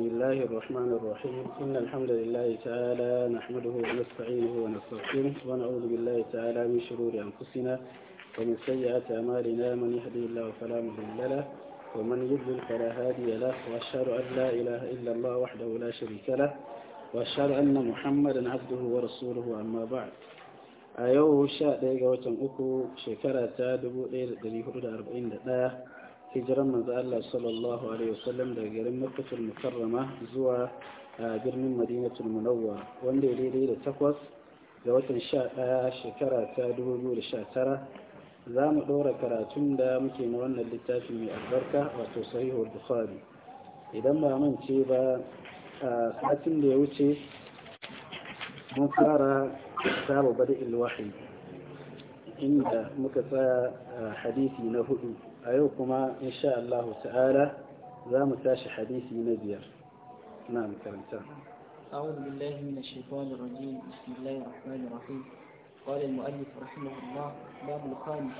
بسم الله الرحمن الرحيم إن الحمد لله تعالى نحمده ونستعينه ونستغفره ونعوذ بالله تعالى من شرور أنفسنا ومن سيئات أعمالنا من يهدي الله فلا مضل له ومن يضلل فلا هادي له وأشهد أن لا إله إلا الله وحده لا شريك له وأشهد أن محمدا عبده ورسوله أما بعد a yau sha ɗaya ga watan uku shekara ta 1441 hijiran manzo Allah sallallahu alaihi wasallam daga garin Makkatul Mukarrama zuwa birnin Madinatul Munawwar wanda ya daidai da takwas ga watan sha ɗaya shekara ta 2019 za mu ɗora karatun da muke na wannan littafi mai albarka wato sahihul bukhari idan ba mance ba a satin da ya wuce mun fara sabo bada ilwahi inda muka tsaya hadisi na hudu أيوكما إن شاء الله تعالى ذا متاش حديث من نبير نعم كلمتان أعوذ بالله من الشيطان الرجيم بسم الله الرحمن الرحيم قال المؤلف رحمه الله باب الخامس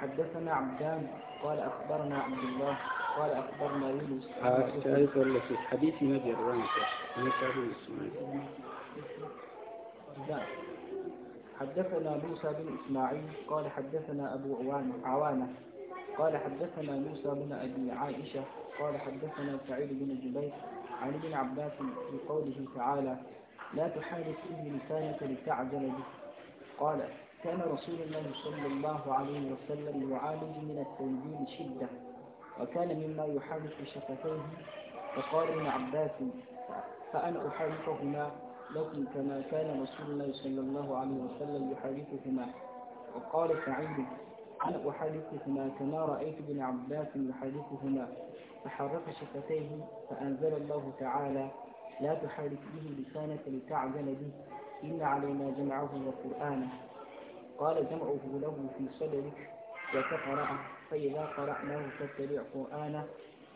حدثنا عبدان قال أخبرنا عبد الله قال أخبرنا يونس تعرف ولا في الحديث ما جرى حدثنا موسى بن إسماعيل قال حدثنا أبو عوانة قال حدثنا موسى بن أبي عائشة قال حدثنا سعيد بن جبير عن ابن عباس في قوله تعالى لا تحارب به لسانك لتعجل به قال كان رسول الله صلى الله عليه وسلم يعالج من التنزيل شدة وكان مما يحارب شفتيه فقال ابن عباس فأنا أحارفهما لكن كما كان رسول الله صلى الله عليه وسلم يحارفهما وقال سعيد أنا أحادثكما كما رأيت ابن عباس يحادثهما فحرك شفتيه فأنزل الله تعالى لا تحرك به لسانك لتعجل به إن علينا جمعه وقرآنه قال جمعه له في صدرك وتقرأه فإذا قرأناه فاتبع قرآنه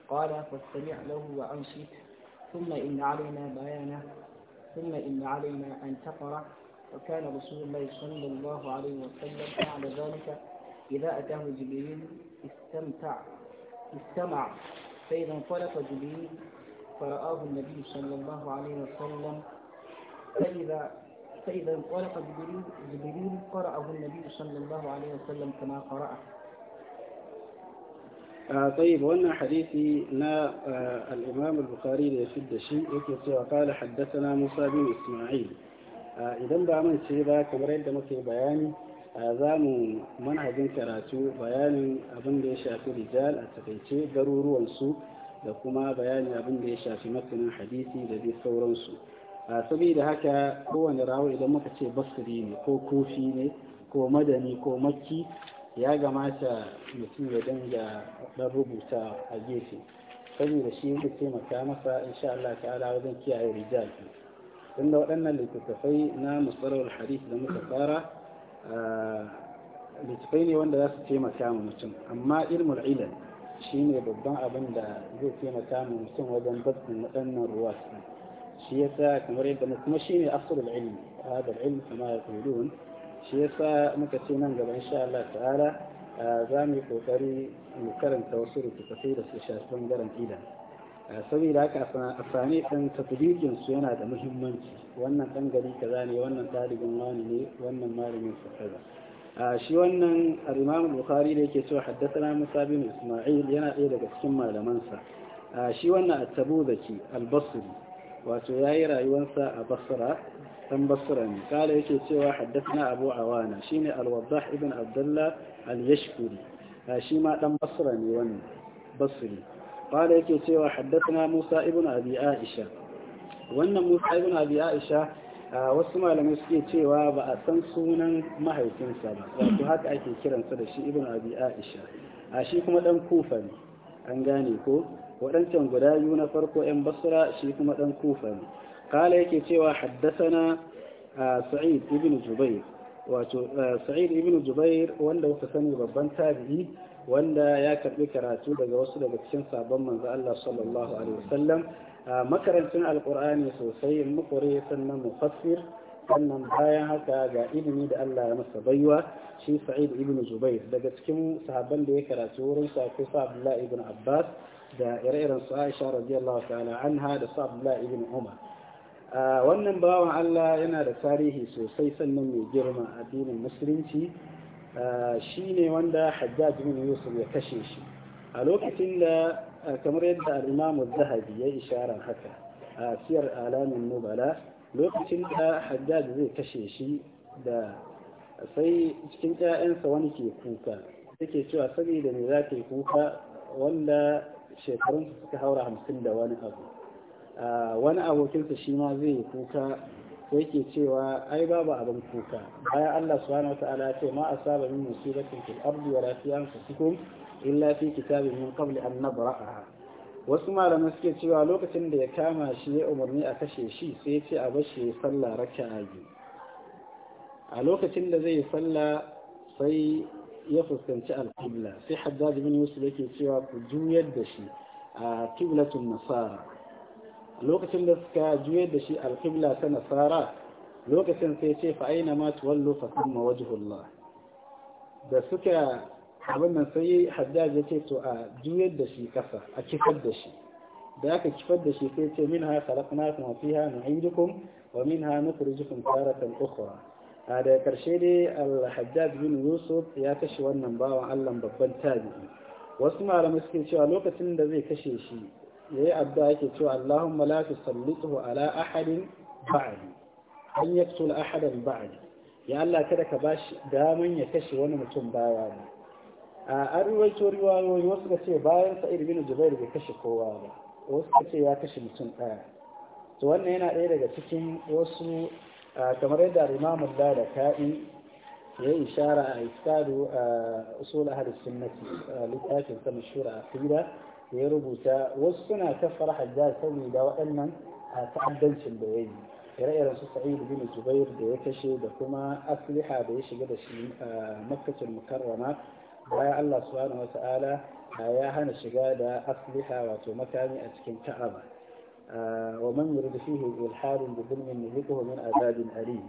قال فاستمع له وأنصت ثم إن علينا بيانه ثم إن علينا أن تقرأ وكان رسول الله صلى الله عليه وسلم بعد ذلك إذا أتاه جبريل استمتع استمع فإذا انطلق جبريل فرآه النبي صلى الله عليه وسلم فإذا فإذا انطلق جبريل جبريل قرأه النبي صلى الله عليه وسلم كما قرأه آه طيب وانا حديثي نا آه الإمام البخاري ليشد شيء يكتب وقال حدثنا موسى بن إسماعيل آه إذا بعمل شيء ذا كمرين دمك بياني a zamu manhajin karatu bayanin abin da ya shafi rijal a takaice garuruwansu da kuma bayanin abin da ya shafi matsanin hadisi da dai sauransu a saboda haka kowane rawo idan muka ce basiri ne ko kofi ne ko madani ko makki ya gamata mutum ya danga dan rubuta a gefe saboda shi zai taimaka masa insha Allah ta'ala wajen kiyaye rijal tunda waɗannan littattafai na musarar hadisi da muka fara littafai ne wanda za su taimaka mu mutum amma ilmul ilal shi ne babban abin da zai taimaka mu mutum wajen babbin waɗannan ruwa shi yasa kamar yadda na kuma shi ne asalul ilmi hadal ilm kama ya kulun shi yasa muka ce nan gaba insha Allah ta'ala za mu yi kokari mu karanta wasu littattafai da su shafi bangaren ilal saboda haka a sami ɗan tafirikin yana da muhimmanci wannan ɗan gari kaza ne wannan ɗalibin wani ne wannan malamin sa kaza a shi wannan al-imam bukhari da yake cewa haddathana musa bin isma'il yana ɗaya daga cikin malamansa a shi wannan at-tabuzaki al-basri wato yayi rayuwarsa a basra dan basra ne kala yake cewa haddathana abu awana shine al-waddah ibn abdullah al-yashkuri shi ma dan basra ne wannan basri قال yake cewa حدثنا Musa ابن abi Aisha. Wannan Musa ابن abi Aisha, wasu malamai suke cewa ba a san sunan mahaifinsa ba wato haka ake kiransa da shi ibn abi aisha a shi kuma dan kufa ne an gane ko waɗancan guda biyu na farko yan basra shi kuma dan kufa ne kala yake cewa haddasana sa'id ibn jubair wato sa'id ibn jubair wanda kuka sani babban tabi'i wanda ya karbi karatu daga wasu daga cikin sabon manzo Allah sallallahu alaihi wasallam makarantun alqur'ani sosai mukure sannan mufassir sannan bayan haka ga ilimi da Allah ya masa baiwa shi Sa'id ibn Zubair daga cikin sahabban da ya karatu wurin sa ko Abdullah ibn Abbas da ire-iren su Aisha radiyallahu ta'ala anha da sa ibn Umar wannan bawan Allah yana da tarihi sosai sannan mai girma addinin musulunci shi ne wanda hajjaj bin yusuf ya kashe shi a lokacin da kamar yadda al'imamu zahabi ya isharar haka a siyar alamin nubala lokacin da hajjaj zai kashe shi da sai cikin 'ya'yansa wani ke kuka yake cewa saboda ne za ka yi kuka wanda shekarunsa suka haura hamsin da wani abu wani abokinsa shi ma zai yi kuka da yake cewa ai babu abin kuka bayan Allah subhanahu wata'ala ce ma saba min musibatin fil ardi wa la fi anfusikum illa fi kitabin min qabli an nabra'aha wasu malamai suke cewa lokacin da ya kama shi ya umarni a kashe shi sai ya ce a bashi ya salla raka'a biyu a lokacin da zai salla sai ya fuskanci alƙibla sai haddad bin yusuf yake cewa ku juyar da shi a qiblatul nasara lokacin da suka juye da shi alƙibla ta nasara lokacin sai ce fa aina ma tuwallu fa kuma wajhullah da suka abin sai haddad ya ce to a juya da shi kasa a kifar da shi da aka kifar da shi sai ce min ha khalaqnakum wa fiha nu'idukum wa minha nukhrijukum taratan ukhra a da karshe dai al bin yusuf ya kashe wannan bawan Allah babban tabi'i wasu malamai suke cewa lokacin da zai kashe shi ya yi addu'a yake cewa Allahumma la tusallithu ala ahadin ba'adi an yi yaktul ahadin ba'adi ya Allah kada ka shi daman ya kashe wani mutum baya ba, a an riwayoyi wasu ka ce bayan sa'ir bin jubair bai kashe kowa ba wasu ka ce ya kashe mutum ɗaya to wannan yana ɗaya daga cikin wasu kamar yadda imamun da da ka'i ya yi ishara a iskadu a usul ahadis sunnati littafin sa mashura a da ya rubuta wasu suna kafara hadda saboda waɗannan a ta'addancin da ya yi ire-iren su sa'id bin zubair da ya kashe da kuma asliha da ya shiga da shi a makkacin mukarrama bayan allah subhanahu wa ta'ala ya hana shiga da asliha wato makami a cikin ka'aba wa man yuridu fihi ilhadin bi dhulmin nuziquhu min azabin alim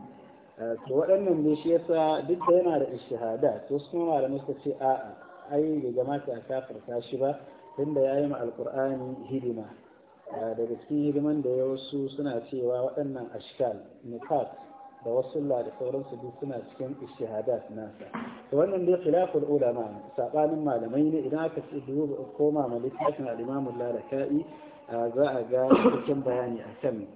to waɗannan ne shi yasa duk da yana da ishahada to su malamai suka ce a'a ai bai gamata a kafarta shi ba tunda ya yi ma alkur'ani hidima daga cikin hidiman da ya wasu suna cewa waɗannan ashkal niqat da wasu da sauransu duk suna cikin ishahadat nasa to wannan dai khilaful ulama sabanin malamai ne idan aka ce duba koma malikin al-imam al-lalakai za a ga cikin bayani akan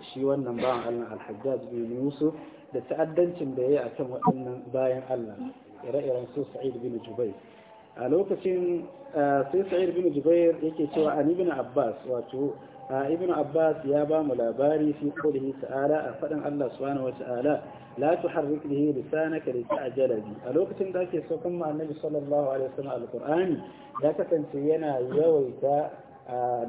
shi wannan bawan Allah al-hajjaj bin yusuf da ta'addancin da yayi akan waɗannan bayan Allah ire-iren su sa'id bin jubair a lokacin eh, sai sa'ir bin jubair yake cewa an ibn abbas wato ibn abbas ya ba mu labari fi qawlihi ta'ala a fadan Allah subhanahu wata'ala la tuharrik bihi lisanaka lita'jala bi a lokacin da ake saukan mu annabi sallallahu alaihi wasallam alqur'ani ya kasance yana yawaita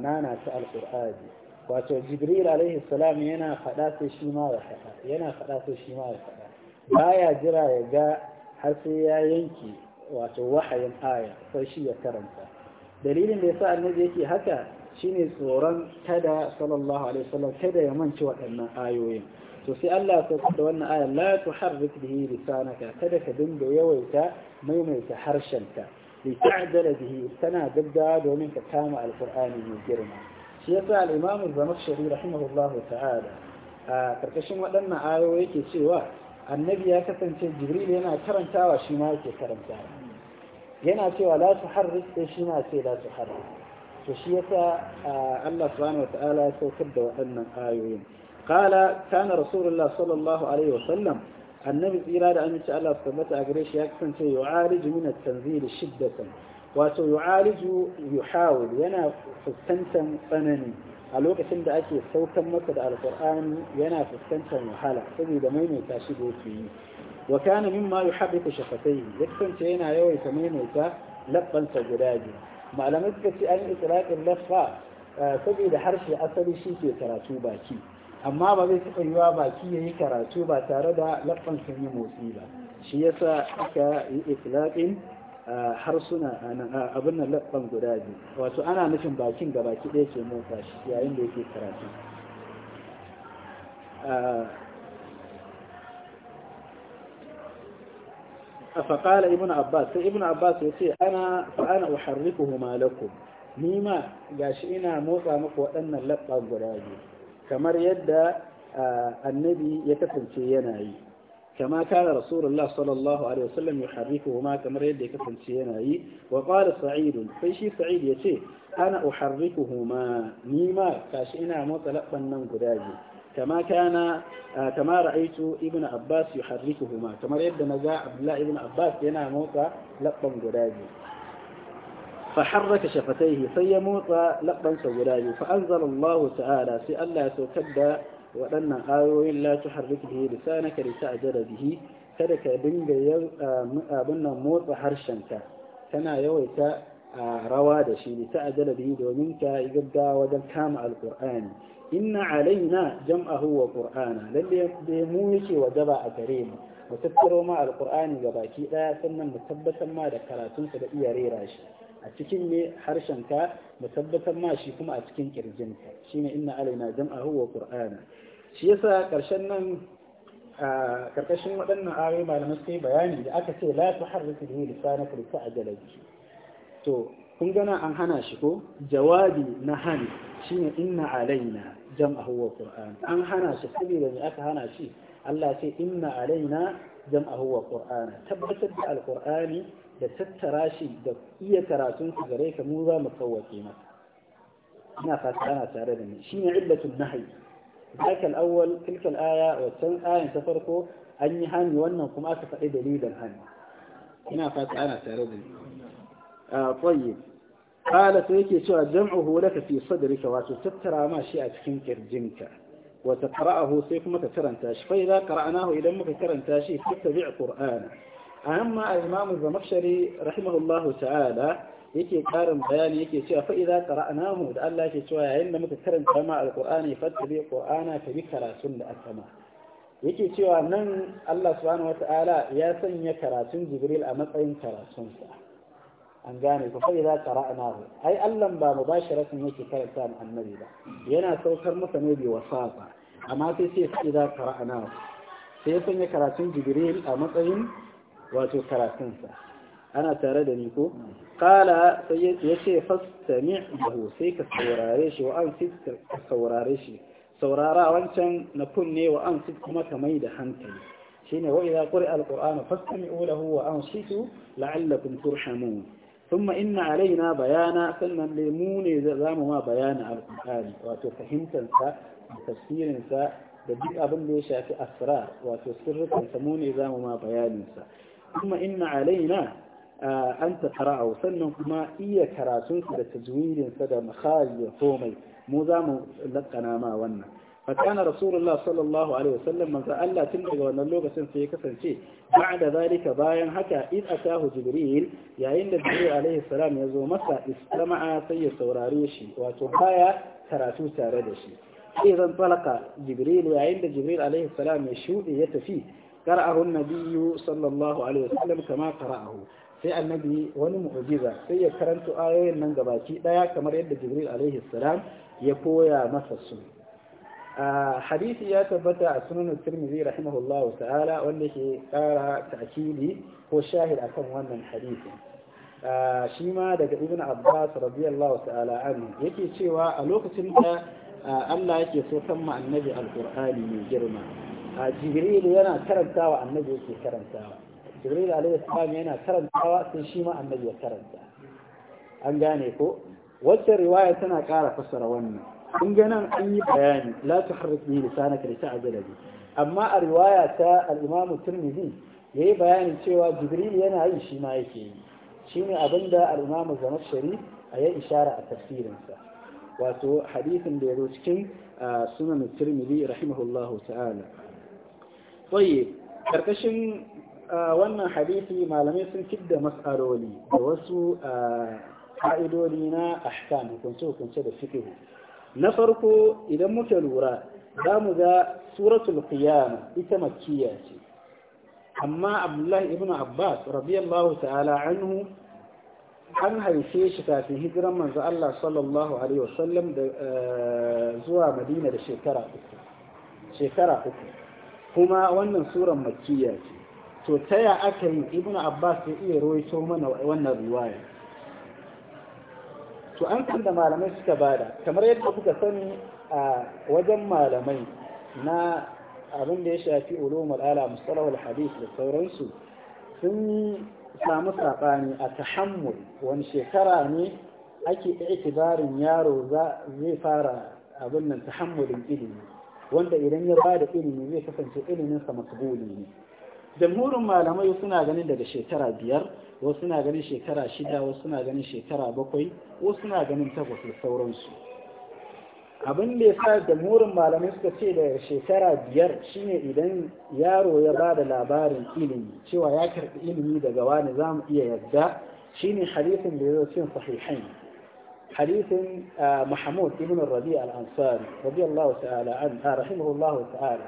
nana ta alqur'ani wato jibril alaihi salam yana fada sai shi ma ya fada yana fada sai shi ma ya fada baya jira ya ga har sai ya yanki. wato wahayin aya sai shi ya karanta dalilin da yasa annabi yake haka shine tsoron kada sallallahu alaihi wasallam kada ya manci waɗannan ayoyin to sai Allah ya da wannan aya la tuharrik bihi lisanaka kada ka dinga yawaita maimaita harshenka li ta'dala bihi tana dabda domin ka kama alqur'ani mai girma shi yasa al-imam az-zamakhshari rahimahullahu ta'ala a karkashin waɗannan ayoyi yake cewa annabi ya kasance jibril yana karantawa shi ma yake karantawa yana cewa la su harris sai shi na ce la su to shi yasa Allah subhanahu wa ta'ala ya saukar da waɗannan ayoyin qala kana rasulullah sallallahu alaihi wa sallam annabi tsira da aminci Allah su tabbata a gare shi ya kasance yu'aliju min at-tanzil shiddatan wato yu'aliju yuhawil yana fuskantar tsanani a lokacin da ake saukan masa da alqur'ani yana fuskantar wahala saboda maimaita shi da yake yi wa kana mimma yuharriku shafatayhi ya kasance yana yawaita maimaita labbansa guda biyu malamai suka ce an itlaqin lafa? Eh, saboda harshe asali shi ke karatu baki amma ba zai taɓa yiwa baki yayi karatu ba tare da labban sun yi motsi ba shi yasa aka yi itlaqin eh, harsuna eh, abin nan labban guda biyu wato ana nufin bakin ga baki ɗaya ke motsa shi yayin da yake karatu فقال ابن عباس ابن عباس يتي أنا فأنا أحركهما لكم نيما gashi ina motsa muku waɗannan labba guda biyu kamar yadda annabi ya kasance yana yi kama kana rasulullah sallallahu alaihi wasallam yuharrikuhuma kamar yadda ya kasance yanayi yi wa qala sa'id sai shi sa'id ya ce ana uharrikuhuma nima gashi ina motsa labban nan guda biyu كما كان آه، كما رأيت ابن عباس يحركهما كما رأيت نجا عبد الله ابن عباس هنا موسى لقبا قراجي فحرك شفتيه سيموت لقبا سوداي فأنزل الله تعالى سألا تكد وأن آيوي لا تحرك به لسانك لتعجل به كذلك دنجا آه، أبن موت حرشنك كما يويتا آه، رواد شيء لتعجل به دومنك يقدى ودن كام القرآن inna alaina jam'ahu wa qur'ana lalle da mu yake wajaba a gare mu mu tattaro ma alqur'ani ga baki daya sannan mu tabbatar ma da karatun sa da iya rera shi a cikin ne harshen ka mu tabbatar ma shi kuma a cikin kirjin ka shine inna alaina jam'ahu wa qur'ana shi yasa karshen nan a karkashin waɗannan ayoyi malamai sai bayani da aka ce la tuharriku bihi lisanaka li ta'jala to kun gana an hana shi ko jawabi na hani shine inna alaina jam'ahu wa qur'an an hana shi saboda me aka hana shi Allah sai inna alaina jam'ahu wa qur'an tabbatar da alqur'ani da tattara shi da iya karatun su gare ka mu za mu kawwace maka ina fata ana tare da ni shine illatul nahyi ذاك الأول تلك الآية والثانية آية تفرقوا أن يهاني وأنكم أكفأ دليل الهاني هنا فاتحانا تعرضني آه طيب ƙala ta yake cewa jam'u hu laka fi sadrika wato tattara ma shi a cikin kirjinka wa taqra'ahu sai kuma ka karanta shi fa idan idan muka karanta shi fa tabi' qur'ana amma al-imam az-zamakhshari rahimahullahu ta'ala yake karin bayani yake cewa fa idan da Allah yake cewa yayin da muka karanta ma al-qur'ani fa tabi' qur'ana fa bi karatun da asama yake cewa nan Allah subhanahu wa ta'ala ya sanya karatun jibril a matsayin karatunsa an gane ku sai za qara'nahu ai Allah ba shi mubasharatan yake karanta mu annabi ba yana saukar masa ne bi wasafa amma sai sai sai za qara'nahu sai sun yi karatun jibril a matsayin wato karatunsa ana tare da ni ko qala sai yace fastami'hu sai ka saurare shi wa an ka saurare shi saurara wancan na kunne wa an kuma ka mai da hankali حين وإذا قرئ القرآن فاستمعوا له وأنصتوا لعلكم ترحمون ثم إن علينا بيانا سنن ليموني زام ما بيانا على القرآن وتفهمت انسا تفسير انسا بديك أبن ليشا في أسرار وتسرق انسموني زام ما بيانا انسا ثم إن علينا آه أن تقرأه سنن كما إيا كراتون كده تجويد انسا ده مخارج وطومي مو زام لقنا ما ونه فكان رسول الله صلى الله عليه وسلم من ذا الله تن lokacin sai ya kasance da zalika bayan haka id ataahu jibril yayin da jibril alaihi ya zo masa istama'a sai ya saurari shi wato haya karatu tare da shi sai zan falaka jibril yayin da jibril alaihi salam ya shude ya tafi qara'ahu nabiyyu sallallahu alaihi wasallam kama qara'ahu sai annabi wani mu'jiza sai ya karanto ayoyin nan gabaki daya kamar yadda jibril alaihi ya koya masa su hadisi ya tabbata a sunan tirmidhi rahimahullahu ta'ala wanda ke kara ta'kidi ko shahid akan wannan hadisi shi ma daga ibn abbas radiyallahu ta'ala yake cewa a lokacin da Allah yake so san ma annabi alkur'ani mai girma jibril yana karantawa annabi yake karantawa jibril alaihi salam yana karantawa sai shi ma annabi ya karanta an gane ko wacce riwaya tana ƙara fassara wannan in ga an yi bayani la tuharrik bi lisanaka li ta'jala bi amma a riwaya ta al-Imam Tirmidhi yayi bayani cewa Jibril yana yi shi ma yake yi shine abinda al-Imam a ya ishara a tafsirinsa wato hadisin da yazo cikin sunan Tirmidhi rahimahullahu ta'ala tayyib karkashin wannan hadisi malamai sun fidda mas'aloli da wasu fa'idodi na ahkam hukunce hukunce da fiqh na farko idan muka lura za mu ga suratul qiyama ita makkiya ce amma abdullahi ibn abbas radiyallahu ta'ala anhu an haife shi kafin hijiran manzo Allah sallallahu alaihi wasallam da eh, zuwa Madina da shekara uku shekara uku kuma wannan suran makkiya ce to taya aka yi ibn abbas ya iya rawaito mana wannan riwaya to an kan da malamai suka bada kamar yadda kuka sani a wajen malamai na abin da ya shafi ulumul ala mustalahul hadith da sauransu sun samu saɓani a tahammul wani shekara ne ake itibarin yaro zai fara abin nan tahammulin ilimi wanda idan ya bada ilimi zai kasance iliminsa masbuli ne jamhurin malamai suna ganin daga shekara biyar wasu suna ganin shekara shida wasu suna ganin shekara bakwai wasu suna ganin takwas da sauransu abin da ya sa jamhurin malamai suka ce da shekara biyar shine idan yaro ya ba da labarin ilimi cewa ya karɓi ilimi daga wani za mu iya yarda shine hadisin da ya zo cin sahihai حديث محمود ibnu الربيع الأنصاري رضي الله تعالى عنه رحمه الله تعالى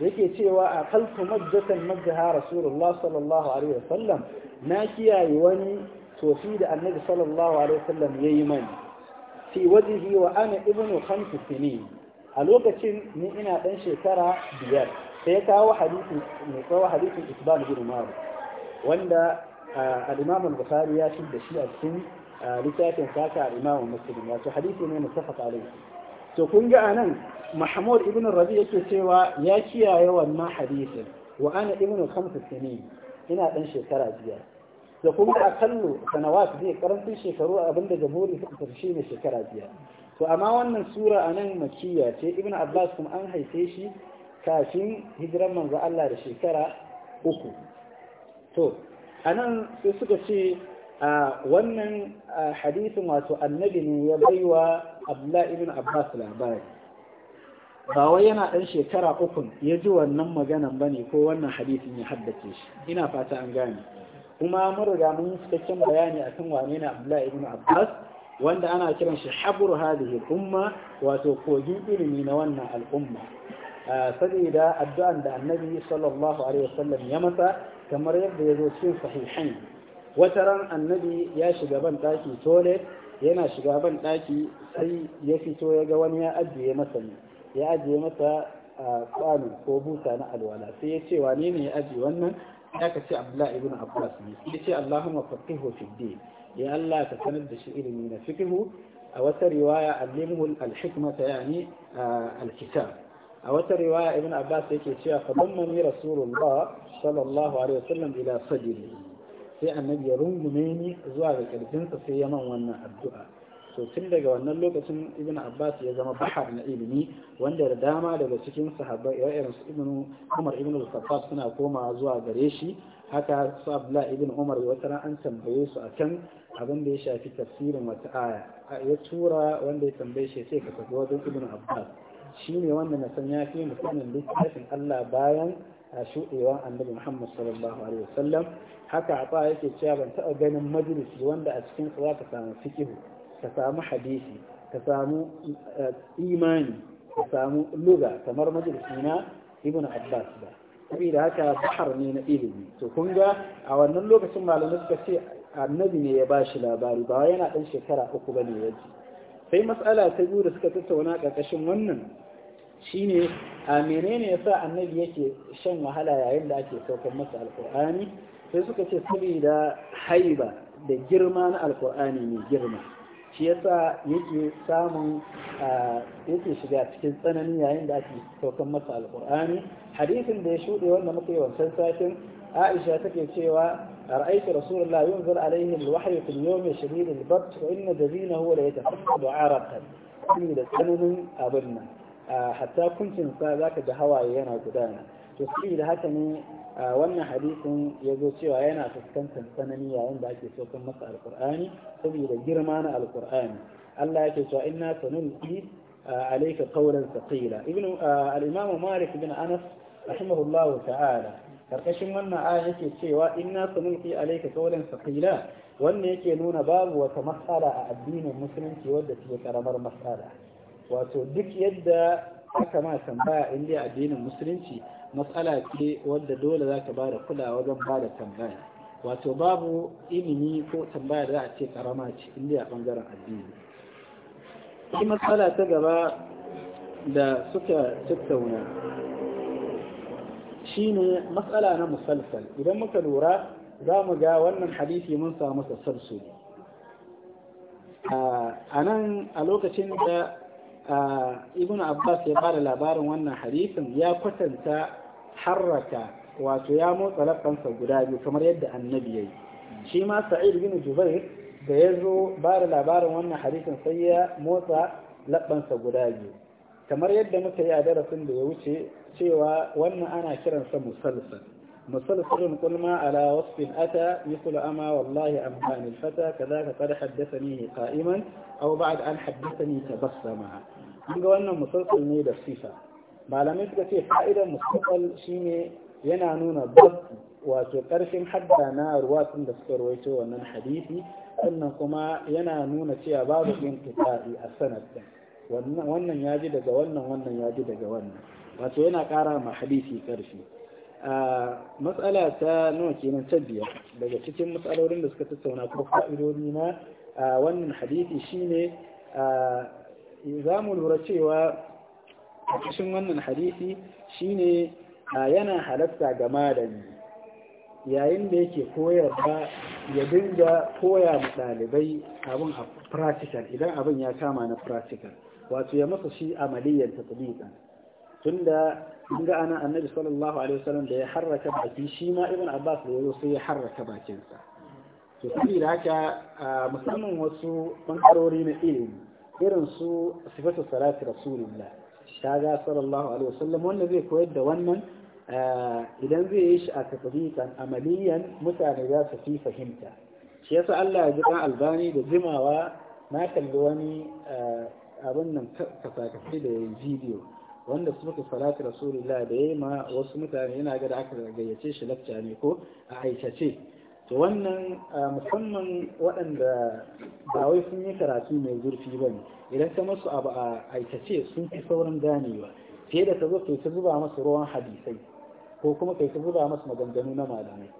yake cewa a kalku majjatan majjaha rasulullah sallallahu alaihi wasallam na kiyaye wani tofi da annabi sallallahu alaihi wasallam yayi mani fi wa ana ibnu khamsi sinin a lokacin ni ina dan shekara biyar sai kawo hadisi mai kawo hadisin isbal bin wanda al-imam ya shi da shi a cikin littafin saka imamu muslim wato hadisi ne mustafa alaihi to kun ga anan mahmud ibn rabi yake cewa ya kiyaye wannan hadisi, wa ana ibn khamsa sinin ina dan shekara biyar da ga akallu sanawat zai karantun shekaru abinda jamhuri suka karshe ne shekara biyar to amma wannan sura anan makiyya ce ibn abbas kuma an haife shi kafin hijiran manzo Allah da shekara uku to anan sai suka ce a wannan hadisin wato annabi ne ya baiwa Abdullahi ibn abbas labari ba wai yana ɗan shekara uku ya ji wannan maganan ba ne ko wannan hadisin ya haddace shi ina fata an gane kuma mun riga mun cikakken bayani akan wane ne ibn abbas wanda ana kiran shi habru hadhihi umma wato kogin ilimi na wannan al'umma saboda addu'an da annabi sallallahu alaihi wasallam ya masa kamar yadda ya zo cikin sahihain wata ran annabi ya shiga ban ɗaki yana shiga ban sai ya fito ya ga wani ya ajiye masa ne ya ajiye masa kwano ko buta na alwala sai ya ce wane ne ya ajiye wannan ya ka ce abdullahi ibn abbas ne ya ce allahumma faqihu fi din ya allah ka sanar da shi ilimi na fiqhu a wata riwaya allimhu al yani al a wata riwaya ibn abbas yake cewa fa dammani rasulullah sallallahu alaihi wasallam ila sadri sai annabi ya rungume ni zuwa ga ƙirjinsa sai ya man wannan addu'a to tun daga wannan lokacin ibn abbas ya zama bahar na ilimi wanda da dama daga cikin sahabbai irin su ibn umar ibn al-khattab suna koma zuwa gare shi haka su abdullahi ibn umar wata an tambaye su akan abin da ya shafi tafsirin wata aya ya tura wanda ya tambaye shi sai ka tafi wajen ibn abbas shine wanda na san ya fi mutumin littafin Allah bayan a shuɗewa annabi Muhammad sallallahu alaihi wasallam haka a yake cewa ban taɓa ganin majalisi wanda a cikin za ka samu fikihu ka samu hadisi ka samu eh, imani ka samu luga kamar majalisi na ibn abbas ba da haka bahar ne na ilimi to kun ga a wannan lokacin malamai suka ce annabi ne ya bashi labari ba yana ɗan shekara uku ba ne yaji sai matsala ta biyu da suka tattauna ƙarƙashin wannan shine a menene yasa annabi yake shan wahala yayin da ake saukar masa alƙur'ani sai suka ce saboda haiba da girma na alkur'ani mai girma shi yasa yake samun yake shiga cikin tsanani yayin da ake saukan masa alkur'ani hadisin da ya shuɗe wanda muka yi wancan satin aisha take cewa ra'aytu rasulullah yunzir alayhi alwahy fi yawmi shadid albat wa inna dazina huwa la yatafaddu arqan ni da tsananin abin nan hatta kuncin sa zaka ga hawaye yana gudana to da haka ne wannan hadisin ya zo cewa yana fuskantar tsanani yayin da ake sokan masa alkur'ani saboda girma na alkur'ani Allah ke cewa inna sanulqi alayka qawlan thaqila ibnu al-imam malik bin anas rahimahullahu ta'ala karkashin wannan aya yake cewa inna ki alayka qawlan thaqila wannan yake nuna babu wata matsala a addinin musulunci wadda ke karamar matsala wato duk yadda aka ma tambaya in addinin musulunci matsala ce wadda dole za ka ba da kula wajen ba da tambaya wato babu ilimi ko tambaya da za a ce karama ce inda a bangaren addini shi matsala ta gaba da suka tattauna shine matsala na musalsal idan muka lura za mu ga wannan hadisi mun samu sassalsu a nan a lokacin da ibn abbas ya bada labarin wannan hadisin ya kwatanta harraka wato ya motsa lafansa guda biyu kamar yadda annabi yayi shi ma sa'id bin jubair da ya zo ba labarin wannan hadisin sai ya motsa lafansa guda biyu kamar yadda muka yi a darasin da ya wuce cewa wannan ana kiransa musalsal مسلسل ala ما ata وصف ama wallahi أما والله أمهان الفتى كذاك قد حدثني قائما أو بعد أن حدثني تبسما wannan musalsal ne da sifa. malamai suka ce fa'idar shi ne yana nuna babu wato ƙarfin hadda na ruwatsun da suka rawaito wannan hadisi sannan kuma yana nuna cewa babu yin inqita'i a sanad ɗin wannan ya ji daga wannan wannan ya ji daga wannan wato yana ƙara ma hadisi ƙarfi matsala ta nawa kenan ta biyar daga cikin matsalolin da suka tattauna ko fa'idodi na wannan hadisi shine za mu lura cewa a wannan hadisi shine yana halatta ga malami yayin da yake da ya dinga koya ma ɗalibai abin a practical idan abin ya kama na practical wato ya masa shi amaliyyar tatbiqan tunda ga ana annabi sallallahu alaihi wasallam da ya harraka baki shi ma ibn abbas da yazo sai ya harraka bakinsa to da haka musamman wasu bangarori na ilimi irin su sifatu salati rasulullah Shaga sallallahu alaihi wasallam wanda zai koyar da wannan eh, idan zai yi shi a tatbiqan amaliyan mutane za su fi fahimta shi yasa Allah ya ji kan albani da jimawa na kalli wani eh, abin nan kafafi da yayin bidiyo wanda suka salatu rasulullah da yayi ma wasu mutane yana ga da aka gayyace shi lakca ne ko a aikace to wannan musamman waɗanda ba wai sun yi karatu mai zurfi ba ne idan ka masu abu a aikace sun fi saurin ganewa fiye da ka zo kai ta zuba masu ruwan hadisai ko kuma kai ta zuba masu maganganu na malamai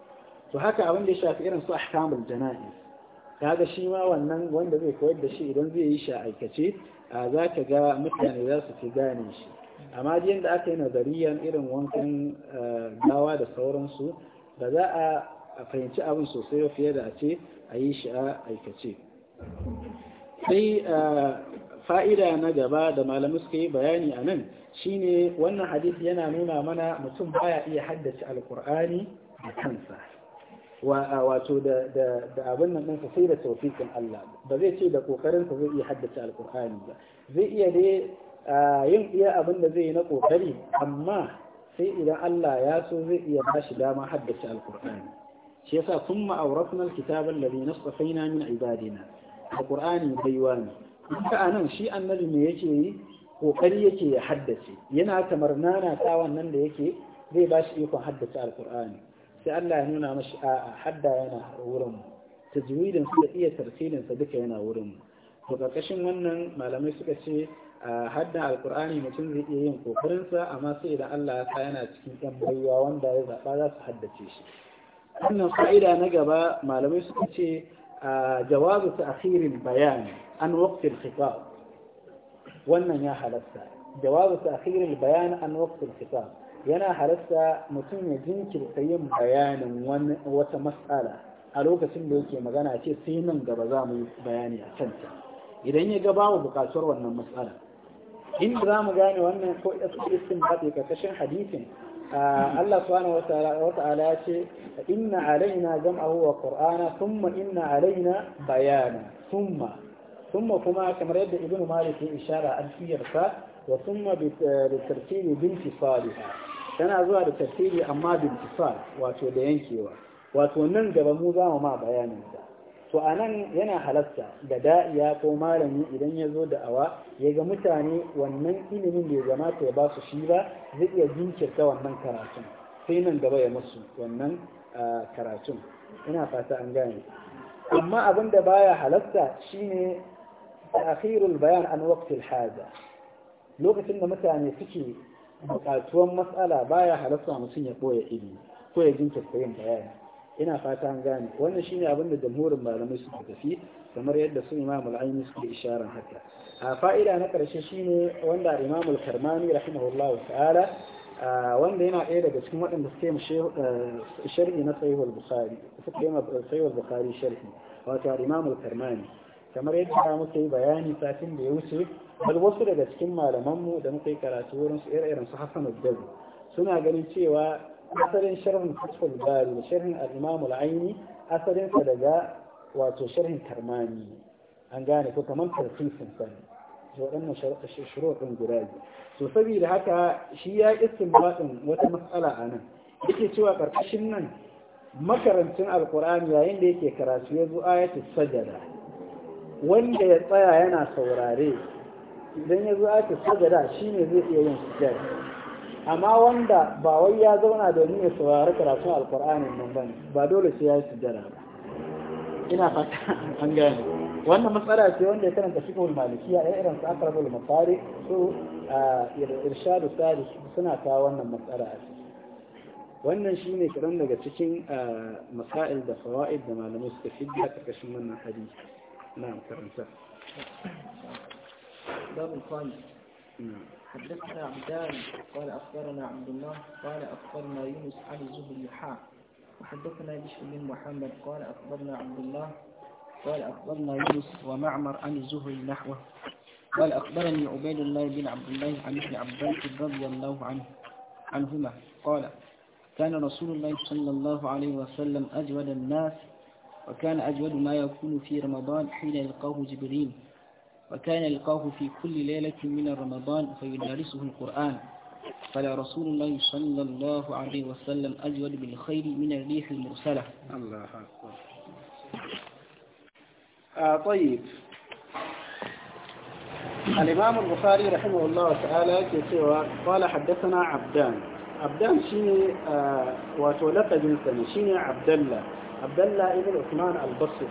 to haka abin da ya shafi irin su ahkamul jana'iz kaga shi ma wannan wanda zai koyar da shi idan zai yi shi a aikace a za ka ga mutane za su fi gane shi amma yadda aka yi nazariyan irin wankan gawa da sauransu ba za a a fahimci abin sosai fiye da a ce a yi shi a aikace sai fa'ida na gaba da malamai suka yi bayani a nan shine wannan hadisi yana nuna mana mutum baya iya haddace alkur'ani da kansa wato da abin nan ɗansa sai da taufikin Allah ba zai ce da ƙoƙarinsa zai iya haddace alkur'ani ba zai iya dai yin iya abin da zai yi na ƙoƙari amma sai idan Allah ya so zai iya ba shi dama haddace alkur'ani shi yasa thumma awratna alkitaba alladhi nastafaina min ibadina ne. baiwani a anan shi annabi me yake yi kokari yake ya haddace yana kamar nana ta nan da yake zai ba shi ikon haddace alqur'ani sai Allah ya nuna mashi a'a hadda yana wurin mu tajwidin su da iya tarsilin sa duka yana wurin mu to wannan malamai suka ce hadda alkur'ani mutum zai iya yin ƙoƙarinsa amma sai idan Allah ya sa yana cikin yan baiwa wanda ya zaɓa za su haddace shi wannan fa'ida na gaba malamai suka ce jawabu ta'khirin bayan an waqtil khitab wannan ya halatta jawabu ta'khirin bayani an waqtil khitab yana halatta mutum ya jinkirta yin bayanin wata mas'ala a lokacin da yake magana ce sai nan gaba za mu yi bayani a kanta idan ya ga babu bukatuwar wannan mas'ala Inda za mu gane wannan ko iskin baɗe ƙarƙashin hadisin Allah subhanahu wa ta'ala ya ce inna alaina jam'ahu wa qur'ana thumma inna alaina bayana thumma thumma kuma kamar yadda ibn malik ya ishara an siyarsa wa thumma bi tartibi binti salihah tana zuwa da tartibi amma binti sal wato da yankewa wato nan gaba mu za mu ma bayanin sa to anan yana halasta da da'iya ko malami idan ya zo da awa ya ga mutane wannan ilimin da ya gamata ya ba su shi ba zai iya jinkirta wannan karatun sai nan gaba ya musu wannan karatun ina fata an gane amma abin da baya halasta shine akhirul bayan an waqtil haza lokacin da mutane suke bukatuwan matsala baya halasta mutum ya koya ilimi ko ya jinkirta yin bayani ina fata an gane wannan shine abin da jamhurin malamai suka tafi kamar yadda su imam al-aini suke isharar haka a fa'ida na karshe shine wanda imam al-karmani rahimahullahu ta'ala wanda yana ɗaya daga cikin waɗanda suke mu sharhi na sahihul bukhari suke mu sahihul bukhari sharhi wato imam al-karmani kamar yadda muka yi bayani satin da ya wuce bal wasu daga cikin malamanmu da muka yi karatu wurin su irin su Hassan al suna ganin cewa asalin sharhin fathul bari sharhin al al'aini, asalin sa daga wato sharhin karmani an gane ko kaman tarfisin sa waɗannan shuruɗin guda biyu saboda haka shi ya istinbatin wata matsala a nan yake cewa karkashin nan makarantun alkur'ani yayin da yake karatu ya zo ayatu sajada wanda ya tsaya yana saurare idan ya zo ayatu sajada shine zai iya yin sujjada amma wanda ba wai ya zauna domin ya saurari karatun alkur'ani nan ba ba dole sai ya yi sujjada ba ina fata an gane wannan matsala ce wanda ya karanta fiqhul malikiya a irin su aqrabul masari su irshadu sadi suna ta wannan matsala a ciki wannan ne kiran daga cikin masail da fawaid da malamai suka fi a ƙarƙashin wannan hadisi na karanta babu نعم. حدثنا عبدان قال أخبرنا عبد الله قال أخبرنا يونس عن زهر يحاء وحدثنا بشر بن محمد قال أخبرنا عبد الله قال أخبرنا يونس ومعمر عن زهر نحوه قال أخبرني عبيد الله بن عبد الله عن ابن عباس رضي الله عنه عنهما قال كان رسول الله صلى الله عليه وسلم أجود الناس وكان أجود ما يكون في رمضان حين يلقاه جبريل وكان يلقاه في كل ليلة من رمضان فيدارسه القرآن فلا رسول الله صلى الله عليه وسلم أجود بالخير من الريح المرسلة الله أكبر آه طيب الإمام البخاري رحمه الله تعالى كتوى قال حدثنا عبدان عبدان شيني آه وتولق جنسنا شيني عبد الله عبد الله ابن عثمان البصري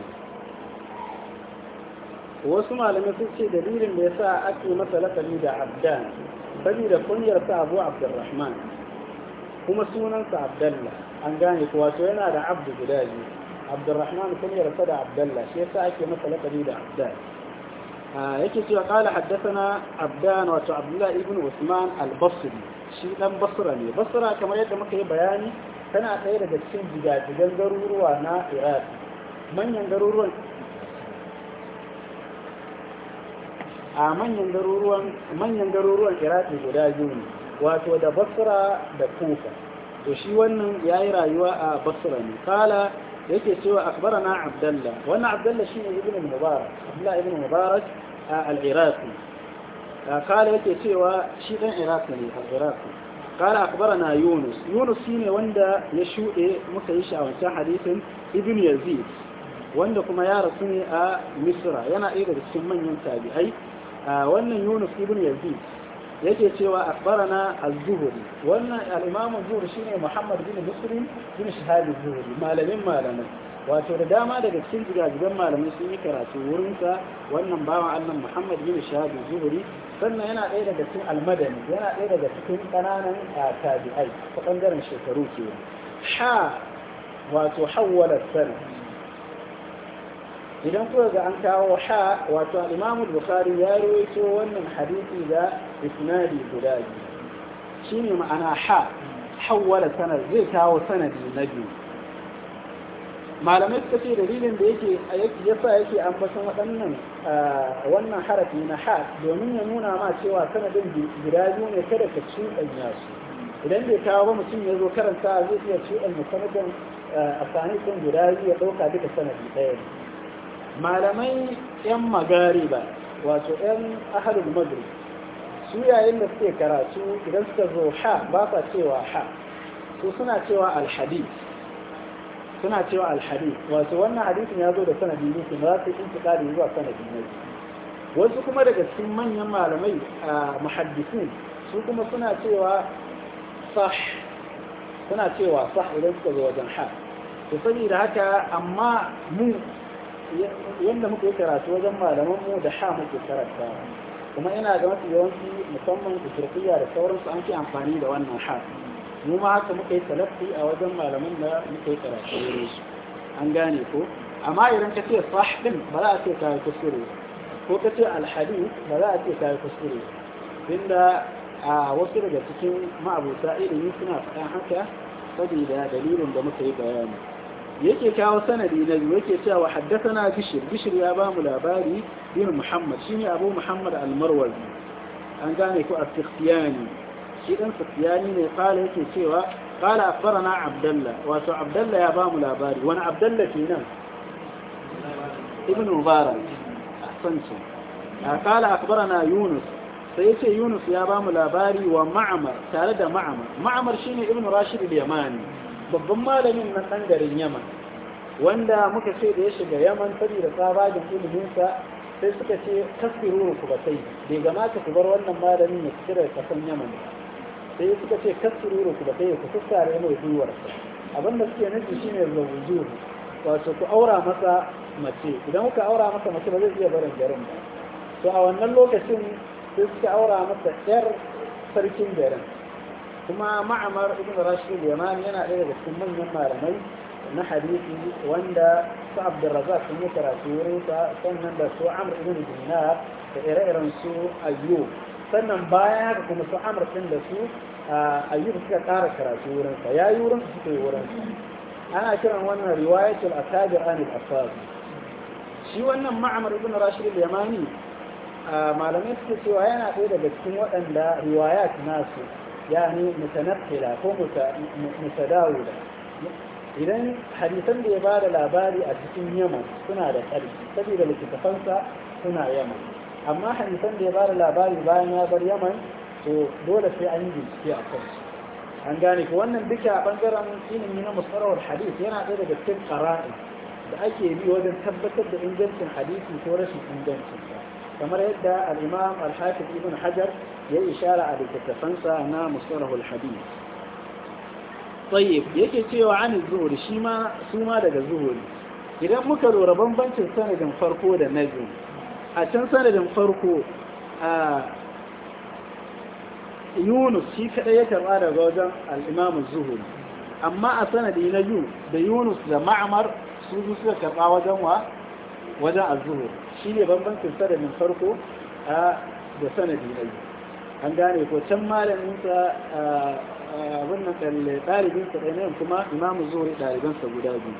wasu malamai sun ce dalilin da ya sa ake masa lakabi da abdan saboda kunyar sa abu abdurrahman kuma sunansa abdallah an gane ko wato yana da abdu guda biyu abdurrahman kunyar sa da abdallah shi yasa ake masa lakabi da abdan ah, yake cewa kala haddathana abdan wato abdullah ibn usman al-basri shi dan basra ne basra kamar yadda muka yi bayani tana ɗaya daga cikin jigajigan garuruwa na iraq manyan garuruwan a manyan garuruwan manyan iraki guda biyu wato da basra da kufa to shi wannan ya yi rayuwa a basra ne kala yake cewa na abdullah wannan abdullah shine ibn mubarak abdullah ibn mubarak al-iraqi kala yake cewa shi dan iraq ne al-iraqi kala na yunus yunus shine wanda ya shude muka yi shi a hadisin ibn yazid wanda kuma ya rasu ne a misra yana ɗaya daga cikin manyan tabi'ai wannan Yunus ibn Yazid yake cewa akbarana az-Zuhri wannan al-Imam zuhri shine Muhammad bin Muslim bin Shihab az-Zuhri malamin malamai wato da dama daga cikin jigajigan malamai sun yi karatu wurinsa wannan bawan Allah Muhammad bin Shihab az-Zuhri sannan yana ɗaya daga cikin almadani yana ɗaya daga cikin ƙananan tabi'ai ta bangaren shekaru ke ha wato hawwala sanad idan kuka ga an kawo ha wato al bukari ya rawaito wannan hadisi da isnadi guda biyu shine ma'ana ha hawwala sanad zai kawo sanadi na biyu malamai suka ce dalilin da yake sa yake ambaton waɗannan ah, wannan harafi na ha domin ya nuna ma cewa sanadin guda biyu ne kada ka cuɗanya su idan bai kawo ba mutum ya zo karanta zai iya cuɗanya sanadin ah, a sanadin guda biyu ya ɗauka duka sanadi ɗaya ne malamai 'yan magari ba wato 'yan ahalin magari su yayin da suke karatu idan suka zo ha ba sa cewa ha su suna cewa alhadis suna cewa alhadis wato wannan hadisin ya zo da sanadi ne kuma za su yi intikali zuwa sanadi ne wasu kuma daga cikin manyan malamai a muhaddisin su kuma suna cewa sah suna cewa sah idan suka zo wajen ha to da haka amma mu yadda muka yi karatu wajen malamanmu da sha muke karanta kuma ina ga mafi yawanci musamman da turkiya da sauransu an fi amfani da wannan ha mu ma haka muka yi talafi a wajen malaman da muka yi karatu an gane ko amma idan ka ce sah din ba za a ce kayi kuskure ko ka ce alhadi ba za a ce kayi kuskure inda a wasu daga cikin ma'abuta ilimi suna faɗan haka saboda dalilin da muka yi bayani yake kawo sanadi na biyu yake cewa haddathana bishir bishir ya ba mu labari bin muhammad shine abu muhammad al-marwazi an gane ko a sikhtiyani shi dan sikhtiyani ne kala yake cewa kala akbarana abdallah wato abdallah ya ba mu labari wani abdullah kenan ibn mubarak ahsantu kala akbarana yunus sai yace yunus ya ba mu labari wa ma'mar tare da ma'mar ma'mar shine ibn rashid al-yamani babban malamin na ɓangaren yaman wanda muka ce da ya shiga yaman saboda tsabagen iliminsa sai suka ce ba rukubatai bai gamata ku bar wannan malamin ya fita daga kasan yaman sai suka ce kaskiru rukubatai ya ku sassare mai gwiwarsa abinda suke nufi shine zawujur wato ku aura masa mace idan kuka aura masa mace ba zai iya barin garin ba to a wannan lokacin sai suka aura masa yar sarkin garin kuma ma'amar ibn rashid yaman yana ɗaya daga cikin manyan malamai na hadisi wanda su abdurrazak sun yi karatu wurin sa sannan da su amr ibn dinar da ire-iren su ayyub sannan baya haka kuma su amr din da su ayyub suka ƙara karatu wurin sa yayi wurin su suka yi wurin ana kiran wannan riwayatul asabir anil asabi shi wannan ma'amar ibn rashid yamani malamai suka cewa yana ɗaya daga cikin waɗanda riwayat nasu يعني متنقلة ومتداولة إذا حديثاً لبال بالي أجسين يمن سنة الحديث تجد التي تفنسى سنة يمن أما حديثاً بالي الأبالي بايا نابر يمن دولة في عندي في أن عندانك وأن بك أبنجر أن يكون من مصدر الحديث ينا قيدة قتل قرائم بأكي بي وذن ثبتت بإنجلس الحديث مكورش الإنجلس كما يدى الإمام الحافظ ابن حجر ya ishara a littattafansa na musulahul hadith tsayyib yake cewa an zuhuri shi ma su ma daga zuhuri idan muka lura bambancin sanadin farko da na a can sanadin farko a yunus shi kaɗai ya karɓa daga wajen al'imamu zuhuri amma a sanadi na biyu da yunus da ma'amar su su suka karɓa wajen wa wajen shi ne bambancin sanadin farko a da sanadi na biyu an gane ko can malaminsa abin nan ɗalibinsa ɗaya kuma imamu zuhri ɗalibansa guda biyu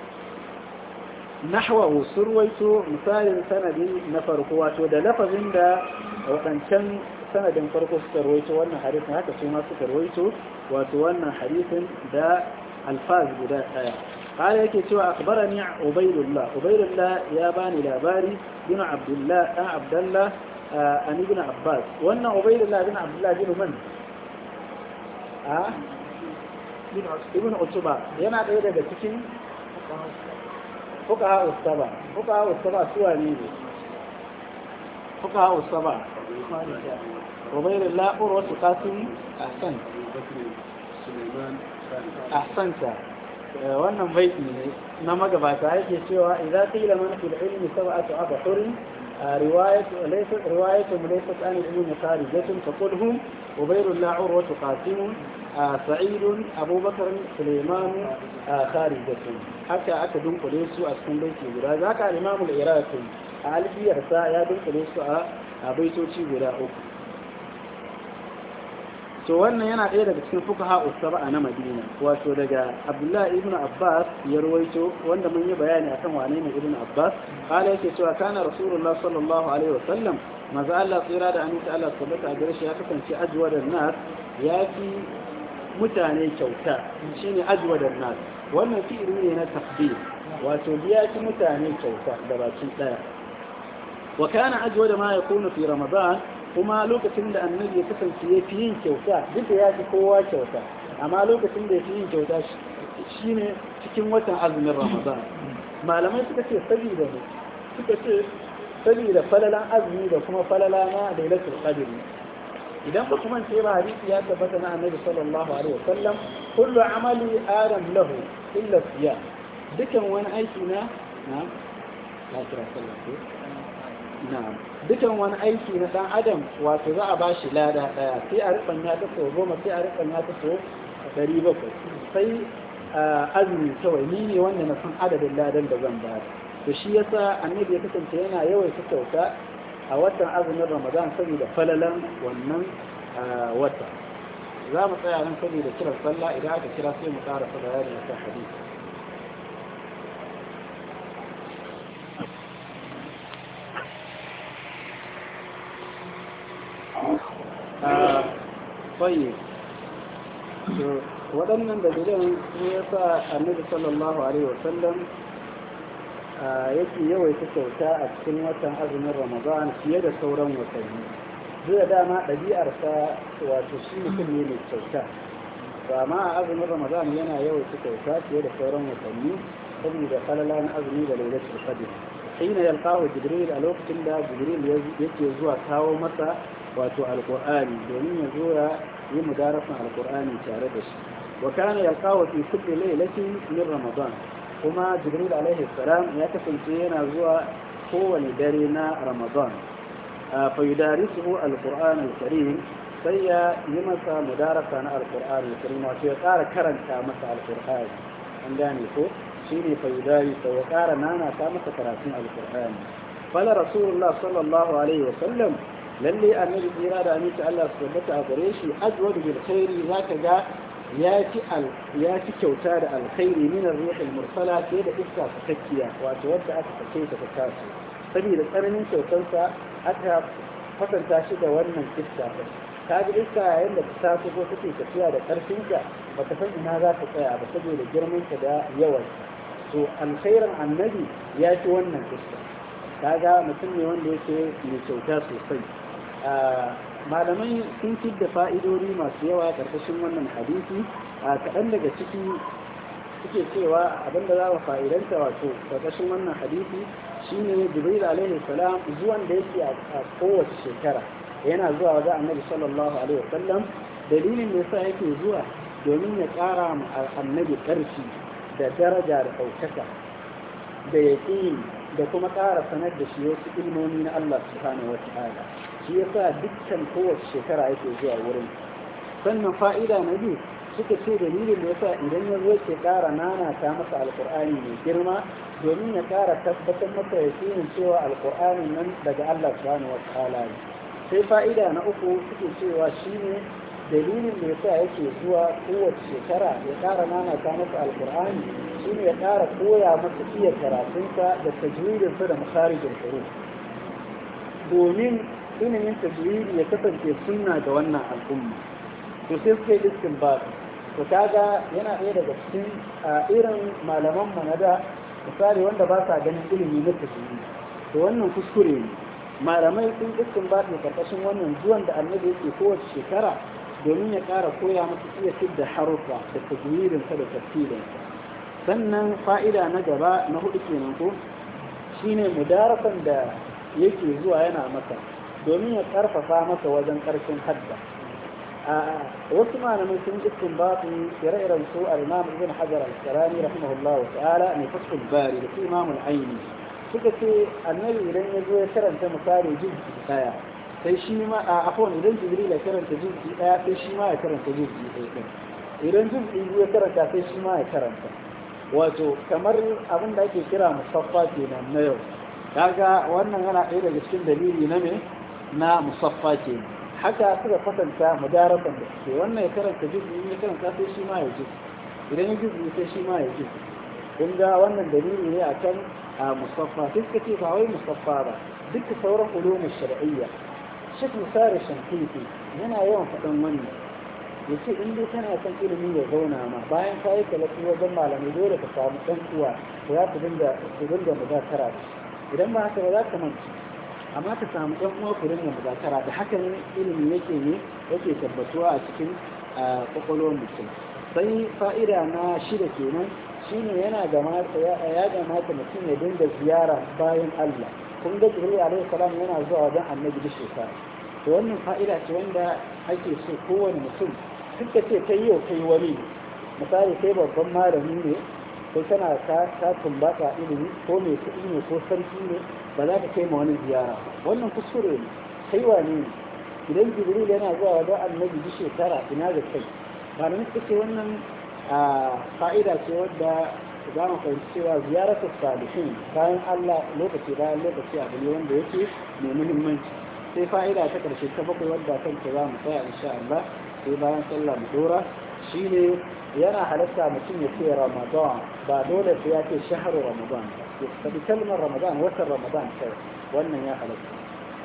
nahwahu surwaito misalin sanadin na farko wato da lafazin da waɗancan sanadin farko suka rawaito wannan hadisin haka su ma suka rawaito wato wannan hadisin da alfaz guda ɗaya قال يكي سوى أخبرني عبيد الله عبيد الله يا labari لاباري بن عبد الله عبد الله an ibn abbas wannan ubaydullah ibn abdullah bin man a ibn utba yana ɗaya daga cikin fuka ustaba fuka ustaba suwa ne ne fuka ustaba ubaidullah urwatu qasim ahsan ahsanta wannan baiti ne na magabata yake cewa idza qila man fil ilmi sab'atu abhurin رواية ليست روايتهم ليست عن العموم خارجة فقل هم وبير الله عروة قاسم آه، سعيد أبو بكر سليمان آه، خارجة حتى أكدون قليسو أسكن بيتي جدا ذاك الإمام العراقي في أرساء يدون قليسو أبيتو آه، تي جدا أكو to wannan yana ɗaya daga cikin fuqaha usaba na Madina wato daga Abdullahi ibn Abbas ya rawaito wanda mun yi bayani akan wane ne ibn Abbas kala yake cewa kana Rasulullah sallallahu alaihi wasallam maza Allah tsira da aminta Allah tabbata a gare shi ya kasance da nas ya fi mutane kyauta shine da nas wannan fi'ili ne na tafdil wato ya fi mutane kyauta da bakin daya wa kana da ma yakunu fi ramadan kuma lokacin da annabi ya kasance ya fi yin kyauta duk da ya fi kowa kyauta amma lokacin da ya fi yin kyauta shi ne cikin watan azumin ramadan malamai suka ce saboda ne suka ce saboda falalan azumi da kuma falala na lailatul qadr idan ba kuma ce ba hadisi ya tabbata na annabi sallallahu alaihi wasallam kullu amali adam lahu illa siyam dukan wani aiki na na ya kira sallallahu dukan wani aiki na dan adam wato za a bashi lada daya sai a rufan ya ta sau goma sai a rufan ya ta sau ɗari bakwai sai azumi kawai ni ne wanda na san adadin ladan da zan bada to shi yasa annabi ya kasance yana yawaita kyauta a watan azumin ramadan saboda falalan wannan wata za mu tsaya nan saboda kiran sallah idan aka kira sai mu ƙara sallah da hadisi tsaye waɗannan dalilan ne ya sa annabi sallallahu alaihi wasallam yake yawaita kyauta a cikin watan azumin ramadan fiye da sauran watanni Zai da dama ɗabi'arsa wato shi mutum ne mai kyauta ba ma a azumin ramadan yana yawaita kyauta fiye da sauran watanni saboda falalan azumi da fadin. lailatul qadr حين يلقاه جبريل الوقت لا zuwa يجي masa wato متى واتو domin ya zura. يمدارسا على القرآن تاردش وكان يلقاه في كل ليلة من رمضان وما جبريل عليه السلام يكفن فينا هو هو لدارنا رمضان آه، فيدارسه القرآن الكريم سيا يمسى مدارسة على القرآن الكريم وفي وشيقار كرن كامسة على القرآن عندما يقول شيني فيدارسه وقار نانا كامسة كراسين على القرآن قال رسول الله صلى الله عليه وسلم lalle annabi tsira da aminci Allah su tabbata a gare shi ajwadu bil khairi zaka ga ya ci kyauta da alkhairi min da mursala sai da iska sakakkiya wato wanda aka sake ta ta taso saboda tsananin kyautarsa aka kwatanta shi da wannan iska ta ji iska yayin da ta taso ko take tafiya da karfinka baka san ina za ta tsaya ba saboda ka da yawan to alkhairin annabi ya ci wannan iska kaga mutum ne wanda yake mai kyauta sosai malamai sun fi da fa'idori masu yawa ƙarƙashin wannan hadisi a kaɗan daga ciki suke cewa abinda za a fa'idanta wato ƙarƙashin wannan hadisi shine jibril alaihi salam zuwan da yake a kowace shekara yana zuwa a annabi sallallahu alaihi wasallam dalilin da yasa yake zuwa domin ya ƙara ma annabi ƙarfi da daraja da ɗaukaka da yaƙini da kuma ƙara sanar da shi wasu ilmomi na Allah subhanahu wa ta'ala shi yasa dukkan kowace shekara yake zuwa wurin sannan fa'ida na biyu suka ce dalilin da yasa idan ya zo ke ƙara nana masa alƙur'ani mai girma domin ya ƙara tabbatar masa ya cewa alƙur'anin nan daga Allah subhanahu wa ta'ala ne sai fa'ida na uku suke cewa shine dalilin da yasa yake zuwa kowace shekara ya ƙara nana ta masa alƙur'ani shine ya ƙara koya masa iya karatunsa da tajwidinsa da masarijin huruf domin ilimin tajwidi ya kasance sunna ga wannan al'umma to sai suka yi istinbat to kaga yana ɗaya daga cikin irin malaman mu na da misali wanda ba sa ganin ilimi na tajwidi to wannan kuskure ne malamai sun istinbat ne karkashin wannan zuwan da annabi yake kowace shekara domin ya ƙara koya musu iya da haruffa da tajwidinsa da tafsirinsa sannan fa'ida na gaba na hudu kenan ko shine mudarasan da yake zuwa yana masa domin ya karfafa masa wajen karfin hadda wasu malamai sun ji istinbatin ire-iren su al-imam ibn hajar al-asqalani rahimahullah wa ta'ala ne fasul bari da imam al-aini suka ce annabi idan ya zo ya karanta misali jinsi daya sai shi ma a afon idan jibril ya karanta jinsi daya sai shi ma ya karanta jinsi daya idan jinsi ya karanta sai shi ma ya karanta wato kamar abin da ake kira musaffa kenan na yau kaga wannan yana ɗaya daga cikin dalili na me na musaffa ke haka suka kwatanta mudarakan da suke wannan ya karanta juz'i ya karanta sai shi ma ya ji idan ya juz'i sai shi ma ya ji kun ga wannan dalili ne akan a musaffa sai suka ce ba wai musaffa ba duk sauran ulumin shar'iyya shek misali shankiti yana yawan faɗin wannan ya ce in dai kana son ilimi ya zauna ma bayan ka yi talatu wajen malamai dole ka samu ɗan uwa da za ku dinga muzakara da idan ba haka ba za ka manci amma ka samu ɗan uwa ku dinga da hakan ilimi yake ne yake tabbatuwa a cikin kwakwalwar mutum sai fa'ida na shida kenan shine yana da ya gamata mutum ya dinga ziyara bayan Allah kun ga Jibril alaihi salam yana zuwa don Annabi da shekara to wannan fa'ida ce wanda ake so kowane mutum duk da ce kai yau kai wani misali kai babban malami ne ko tana ta tumbata ilimi ko mai kuɗi ne ko sarki ne ba za ka kai ma wani ziyara wannan kuskure ne kaiwa ne idan jibril yana zuwa wajen annabi ji shekara ina da kai ba na nufi ce wannan fa'ida ce wadda za mu fahimci cewa ziyarar salihin bayan allah lokaci bayan lokaci abu ne wanda yake mai muhimmanci sai fa'ida ta karshe ta bakwai wadda kanta za mu tsaya insha allah sai bayan sallah mu dora shine yana halatta mutum ya ce ramadan ba dole sai ya ce shahar ramadan ya faɗi kalmar ramadan watan ramadan kai wannan ya halatta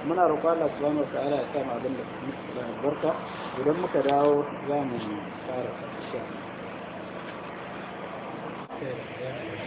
muna roƙon Allah subhanahu wataala ya sa mu abin da muke barka idan muka dawo za mu fara insha